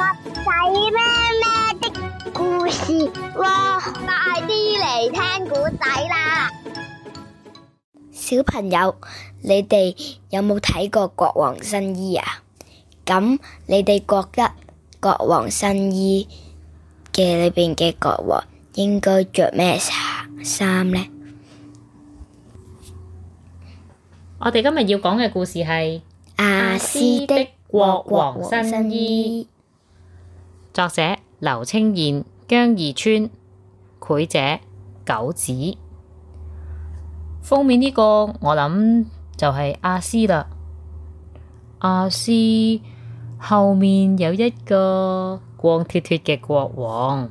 仔咩咩的故事喎！快啲嚟聽古仔啦！小朋友，你哋有冇睇過《國王新衣》啊？咁你哋覺得《國王新衣》嘅裏邊嘅國王應該着咩衫呢？我哋今日要講嘅故事係亞斯的《國王新衣》。作者劉清彥、姜義村、繪者九子。封面呢，這個我諗就係亞斯啦。亞斯後面有一個光脱脱嘅國王。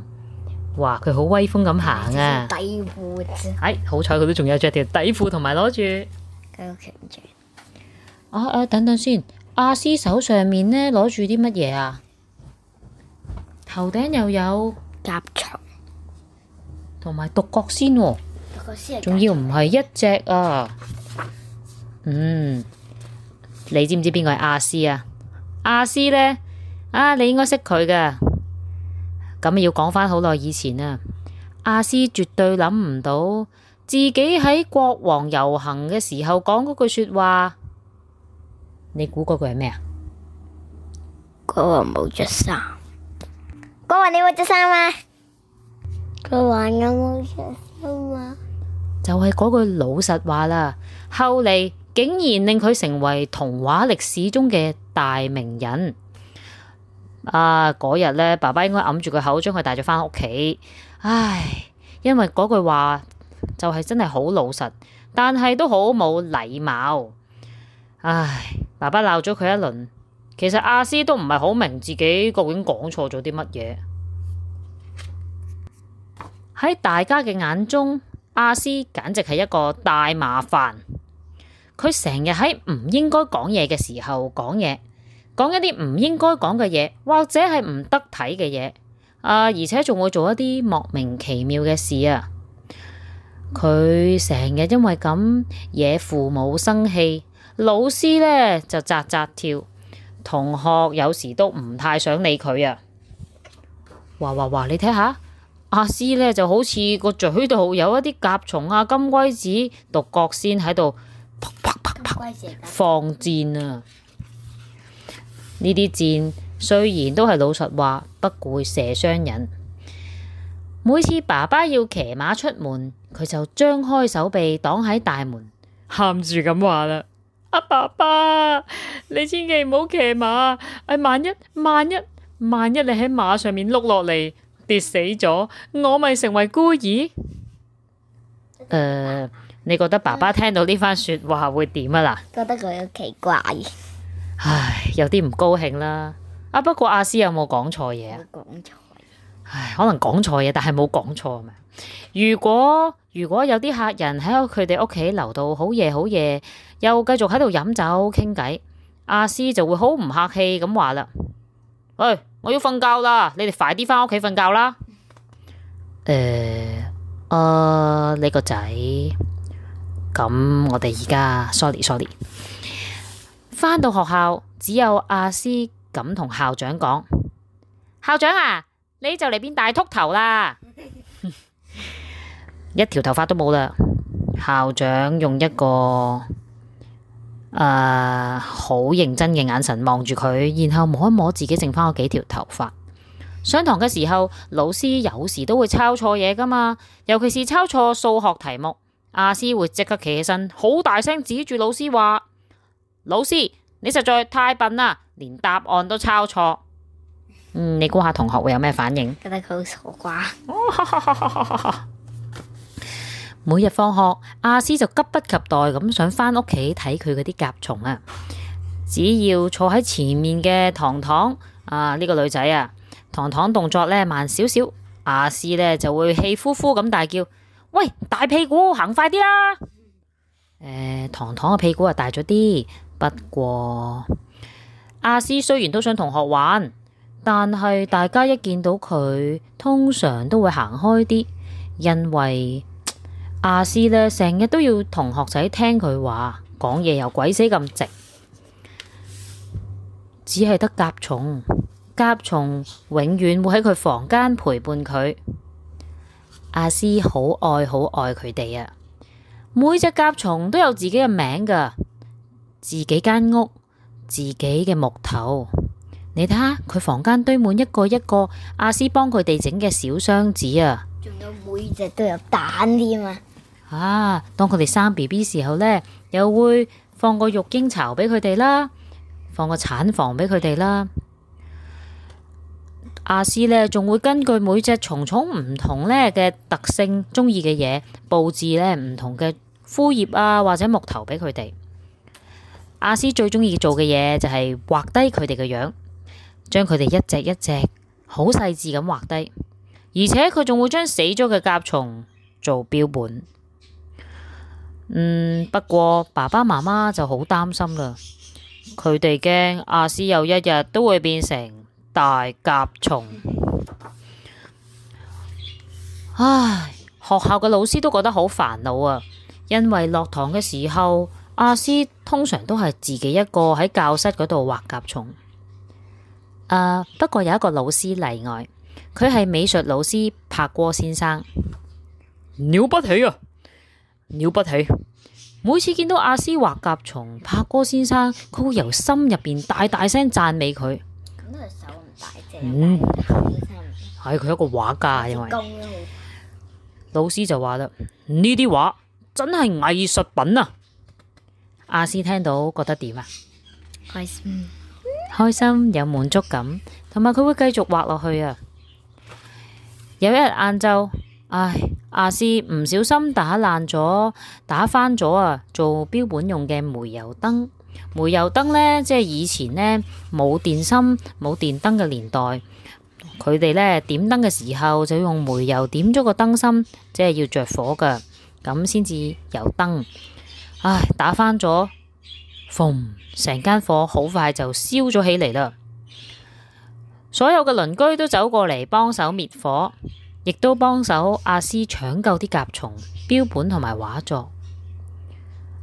哇，佢好威風咁行啊！底褲、哎。係，好彩佢都仲有着條底褲，同埋攞住，個權杖。啊啊，等等先，亞斯手上面呢，攞住啲乜嘢啊？頭頂又有甲蟲，同埋獨角仙，哦，仲要唔係一隻啊！嗯，你知唔知邊個係亞斯啊？亞斯呢？啊，你應該識佢嘅，咁要講返好耐以前啊！亞斯絕對諗唔到自己喺國王遊行嘅時候講嗰句說話，你估嗰句係咩啊？國王冇着衫。佢話你冇着衫嘛？佢話我冇着衫嘛？就係嗰句老實話啦。後嚟竟然令佢成為童話歷史中嘅大名人。啊！嗰日咧，爸爸應該揞住佢口，將佢帶咗返屋企。唉，因為嗰句話就係真係好老實，但係都好冇禮貌。唉，爸爸鬧咗佢一輪。其實亞斯都唔係好明自己究竟講錯咗啲乜嘢，喺大家嘅眼中，亞斯簡直係一個大麻煩。佢成日喺唔應該講嘢嘅時候講嘢，講一啲唔應該講嘅嘢，或者係唔得體嘅嘢。啊，而且仲會做一啲莫名其妙嘅事啊！佢成日因為咁惹父母生氣，老師呢就扎扎跳。同學有時都唔太想理佢啊！嘩嘩嘩，你睇下亞斯咧，就好似個嘴度有一啲甲蟲啊、金龜子、獨角仙喺度啪啪啪啪放箭啊！呢啲箭雖然都係老實話，不過會射傷人。每次爸爸要騎馬出門，佢就張開手臂擋喺大門，喊住咁話啦。阿、啊、爸爸，你千祈唔好騎馬，係、哎、萬一、萬一、萬一你喺馬上面碌落嚟跌死咗，我咪成為孤兒。誒、嗯呃，你覺得爸爸聽到呢番說話會點啊？嗱，覺得佢好奇怪，唉，有啲唔高興啦。啊，不過亞斯有冇講錯嘢啊？冇講錯。唉，可能講錯嘢，但係冇講錯啊！如果如果有啲客人喺佢哋屋企留到好夜，好夜又繼續喺度飲酒傾偈，亞斯就會好唔客氣咁話啦。喂，我要瞓覺啦，你哋快啲翻屋企瞓覺啦。誒，啊你個仔咁，我哋而家 Sorry Sorry。翻到學校只有亞斯咁同校長講，校長啊！你就嚟變大禿頭啦， 一條頭髮都冇啦。校長用一個誒好、呃、認真嘅眼神望住佢，然後摸一摸自己剩翻嗰幾條頭髮。上堂嘅時候，老師有時都會抄錯嘢噶嘛，尤其是抄錯數學題目。亞斯會即刻企起身，好大聲指住老師話：老師，你實在太笨啦，連答案都抄錯。嗯，你估下同學會有咩反應？覺得佢好傻啩。 每日放學，阿斯就急不及待咁想返屋企睇佢嗰啲甲蟲啊。只要坐喺前面嘅糖糖啊，呢、這個女仔啊，糖糖動作咧慢少少，阿斯咧就會氣呼呼咁大叫：喂，大屁股行快啲啦、啊！誒、呃，糖糖嘅屁股啊大咗啲，不過阿斯雖然都想同學玩。但係大家一見到佢，通常都會行開啲，因為亞斯咧成日都要同學仔聽佢話，講嘢又鬼死咁直，只係得甲蟲，甲蟲永遠會喺佢房間陪伴佢。亞斯好愛好愛佢哋啊！每隻甲蟲都有自己嘅名㗎，自己間屋，自己嘅木頭。你睇下佢房間堆滿一個一個亞斯幫佢哋整嘅小箱子啊，仲有每隻都有蛋添啊。啊，當佢哋生 B B 時候呢，又會放個育嬰巢俾佢哋啦，放個產房俾佢哋啦。亞斯呢，仲會根據每隻蟲蟲唔同呢嘅特性，中意嘅嘢，布置呢唔同嘅枯葉啊或者木頭俾佢哋。亞斯最中意做嘅嘢就係畫低佢哋嘅樣。將佢哋一隻一隻好細緻咁畫低，而且佢仲會將死咗嘅甲蟲做標本。嗯，不過爸爸媽媽就好擔心啦，佢哋驚亞斯有一日都會變成大甲蟲。唉，學校嘅老師都覺得好煩惱啊，因為落堂嘅時候，亞斯通常都係自己一個喺教室嗰度畫甲蟲。誒，uh, 不過有一個老師例外，佢係美術老師柏哥先生，了不起啊，了不起！每次見到亞斯畫甲蟲，柏哥先生佢會由心入邊大大聲讚美佢。咁都係手係一個畫家，嗯、因為功老師就話啦，呢啲畫真係藝術品啊！亞斯聽到覺得點啊？開心有滿足感，同埋佢會繼續畫落去啊！有一日晏晝，唉，亞斯唔小心打爛咗，打翻咗啊！做標本用嘅煤油燈，煤油燈呢，即係以前呢冇電芯、冇電燈嘅年代，佢哋呢點燈嘅時候就用煤油點咗個燈芯，即係要着火噶，咁先至有燈。唉，打翻咗。縫成間火好快就燒咗起嚟啦！所有嘅鄰居都走過嚟幫手滅火，亦都幫手亞斯搶救啲甲蟲標本同埋畫作。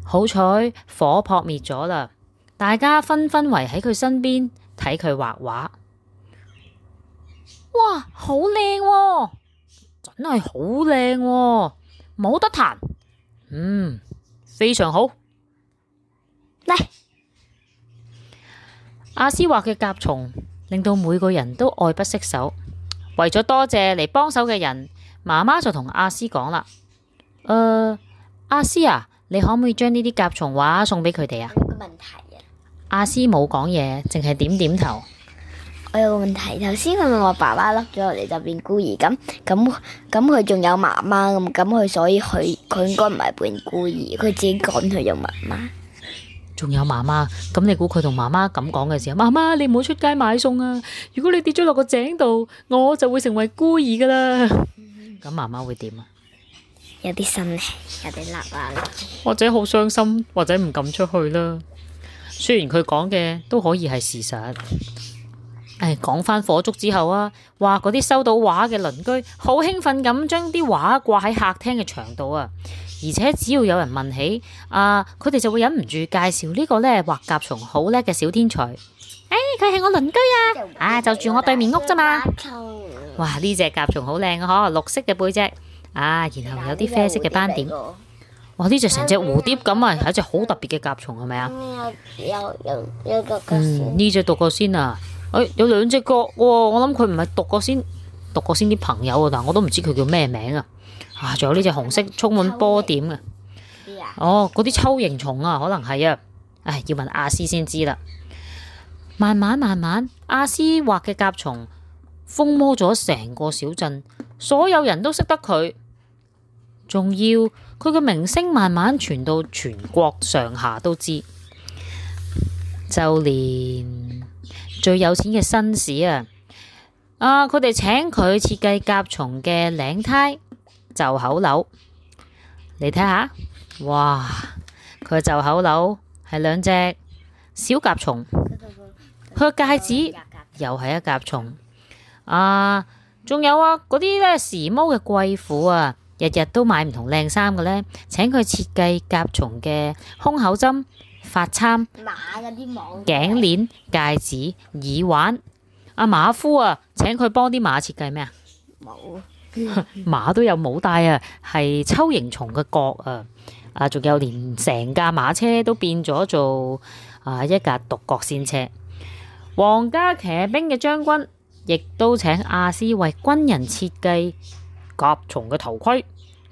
好彩火撲滅咗啦！大家紛紛圍喺佢身邊睇佢畫畫。畫畫，哇，好靚喎，真係好靚喎，冇得彈。嗯，非常好。嚟，亞斯畫嘅甲蟲，令到每個人都愛不釋手。為咗多謝嚟幫手嘅人，媽媽就同亞斯講啦，誒，亞斯啊，你可唔可以將呢啲甲蟲畫送俾佢哋啊？亞斯冇講嘢，淨係點點頭。我有個問題，頭先佢問我爸爸甩咗我嚟就變孤兒咁，咁咁佢仲有媽媽咁，咁佢所以佢佢應該唔係變孤兒，佢自己講佢有媽媽。仲有媽媽，咁你估佢同媽媽咁講嘅時候，媽媽你唔好出街買餸啊！如果你跌咗落個井度，我就會成為孤兒㗎喇。咁媽媽會點啊？有啲心氣，有啲嬲啊，或者好傷心，或者唔敢出去啦。雖然佢講嘅都可以係事實。誒，講返火燭之後啊，話嗰啲收到畫嘅鄰居，好興奮咁將啲畫掛喺客廳嘅牆度啊！而且只要有人問起，啊，佢哋就會忍唔住介紹呢個咧畫甲蟲好叻嘅小天才。誒、哎，佢係我鄰居啊，唉、啊，就住我對面屋咋嘛。哇，呢隻甲蟲好靚嘅，嗬，綠色嘅背脊，啊，然後有啲啡色嘅斑點。哇，呢隻成隻蝴蝶咁啊，係一隻好特別嘅甲蟲，係咪啊？有有有個角。嗯，呢隻獨角仙啊，誒，有兩隻角喎。我諗佢唔係獨角仙，獨角仙啲朋友啊，但我都唔知佢叫咩名啊。哇！仲有呢隻紅色充滿波點嘅哦，嗰啲鍬形蟲啊，可能係啊，唉，要問阿斯先知啦。慢慢慢慢，阿斯畫嘅甲蟲風魔咗成個小鎮，所有人都識得佢，仲要佢嘅名聲慢慢傳到全國上下都知，就連最有錢嘅紳士啊，啊，佢哋請佢設計甲蟲嘅領呔。袖口紐，你睇下哇！佢嘅袖口紐係兩隻小甲蟲，佢嘅戒指又係一甲蟲啊！仲有啊，嗰啲咧時髦嘅貴婦啊，日日都買唔同靚衫嘅咧，請佢設計甲蟲嘅胸口針、髮釵、馬嗰啲網、頸鏈、戒指、耳環。阿、啊、馬夫啊，請佢幫啲馬設計咩啊？冇。 馬都有帽戴啊，係鍬形蟲嘅角啊，啊，仲有連成架馬車都變咗做啊一架獨角仙車。皇家騎兵嘅將軍亦都請亞斯為軍人設計甲蟲嘅頭盔、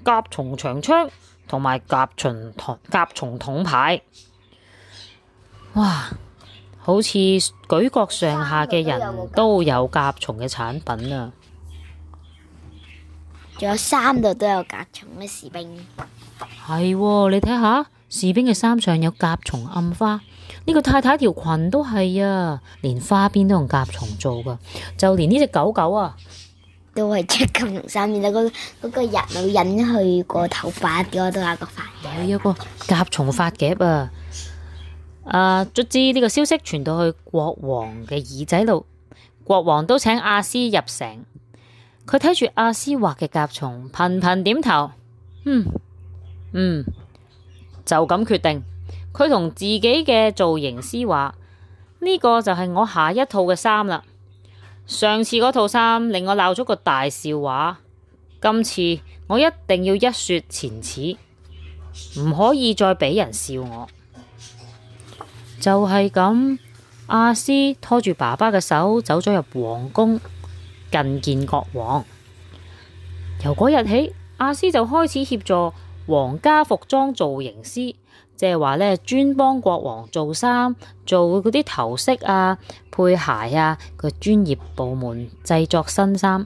甲蟲長槍同埋甲蟲甲蟲盾牌。哇，好似舉國上下嘅人都有甲蟲嘅產品啊！仲有三度都有甲蟲嘅士兵，係、啊、你睇下，士兵嘅衫上有甲蟲暗花。呢、這個太太條裙都係啊，連花邊都用甲蟲做噶。就連呢隻狗狗啊，都係着甲蟲衫。而家嗰嗰個日老人去頭髮都個頭髮嗰度有個髮夾，有個甲蟲髮夾啊。啊！卒之呢個消息傳到去國王嘅耳仔度，國王都請亞斯入城。佢睇住阿斯畫嘅甲蟲，頻頻點頭。嗯，嗯，就咁決定。佢同自己嘅造型師話：呢、這個就係我下一套嘅衫啦。上次嗰套衫令我鬧咗個大笑話，今次我一定要一雪前恥，唔可以再俾人笑我。就係、是、咁，阿斯拖住爸爸嘅手，走咗入皇宮。近見國王，由嗰日起，阿斯就開始協助皇家服裝造型師，即係話咧專幫國王做衫、做嗰啲頭飾啊、配鞋啊，個專業部門製作新衫。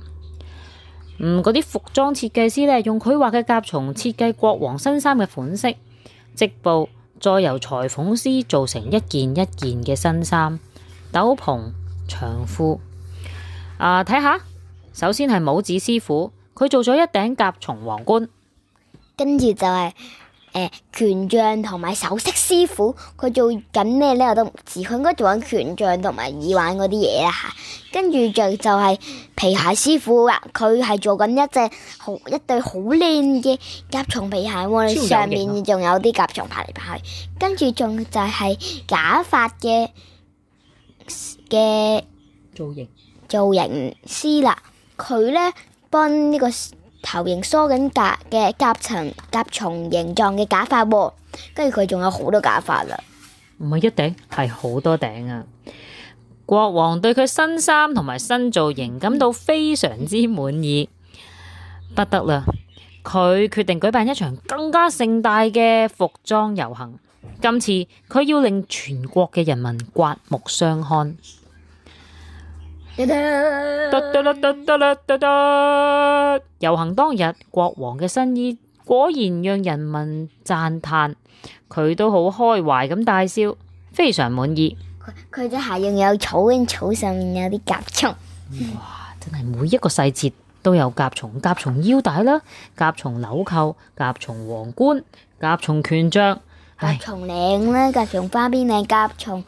嗯，嗰啲服裝設計師咧，用佢畫嘅甲蟲設計國王新衫嘅款式，織布，再由裁縫師做成一件一件嘅新衫、斗篷、長褲。啊！睇下，首先係帽子師傅，佢做咗一頂甲蟲皇冠，跟住就係誒權杖同埋首飾師傅，佢做緊咩呢？我都唔知，佢應該做緊權杖同埋耳環嗰啲嘢啦吓。跟住就就係皮鞋師傅啊，佢係做緊一隻好一對好靚嘅甲蟲皮鞋喎，上面仲有啲甲蟲爬嚟爬去。跟住仲就係假髮嘅嘅造型。造型師啦，佢呢幫呢個頭型梳緊夾嘅甲層甲蟲形狀嘅假髮喎，跟住佢仲有好多假髮啦。唔係一頂，係好多頂啊！國王對佢新衫同埋新造型感到非常之滿意，不得啦！佢決定舉辦一場更加盛大嘅服裝遊行，今次佢要令全國嘅人民刮目相看。遊行當日，國王嘅新衣果然讓人民讚嘆，佢都好開懷咁大笑，非常滿意。佢佢對鞋仲有草，跟草上面有啲甲蟲。哇，真係每一個細節都有甲蟲，甲蟲腰帶啦，甲蟲紐扣，甲蟲皇冠，甲蟲權杖，唉，蟲領啦，甲蟲花邊，領甲蟲。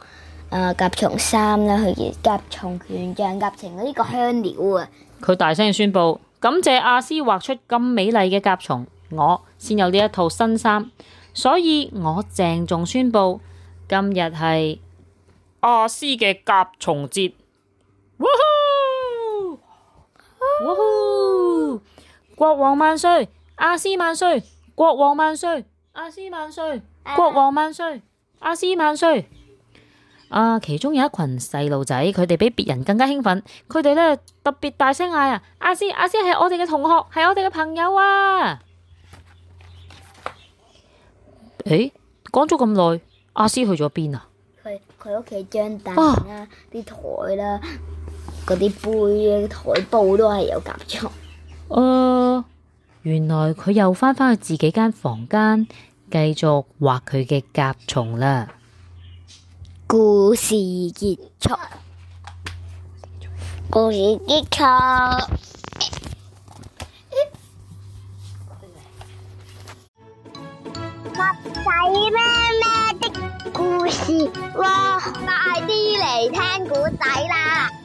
誒，甲蟲衫啦，佢甲蟲權杖、甲蟲呢個香料啊！佢大聲宣布，感謝阿斯畫出咁美麗嘅甲蟲，我先有呢一套新衫，所以我鄭重宣布，今日係阿斯嘅甲蟲節！哇呼！哇呼！國王萬歲！阿斯萬歲！國王萬歲！阿斯萬歲！國王萬歲！阿斯萬歲！啊！其中有一群細路仔，佢哋比別人更加興奮。佢哋咧特別大聲嗌啊！亞斯，亞斯係我哋嘅同學，係我哋嘅朋友啊！誒，講咗咁耐，亞斯去咗邊啊？佢佢屋企張凳啦，啲台啦，嗰啲背、台布都係有甲蟲。誒，原來佢又翻返去自己間房間，繼續畫佢嘅甲蟲啦。故事結束，故事結束。襪仔咩咩的故事喎？快啲嚟聽古仔啦！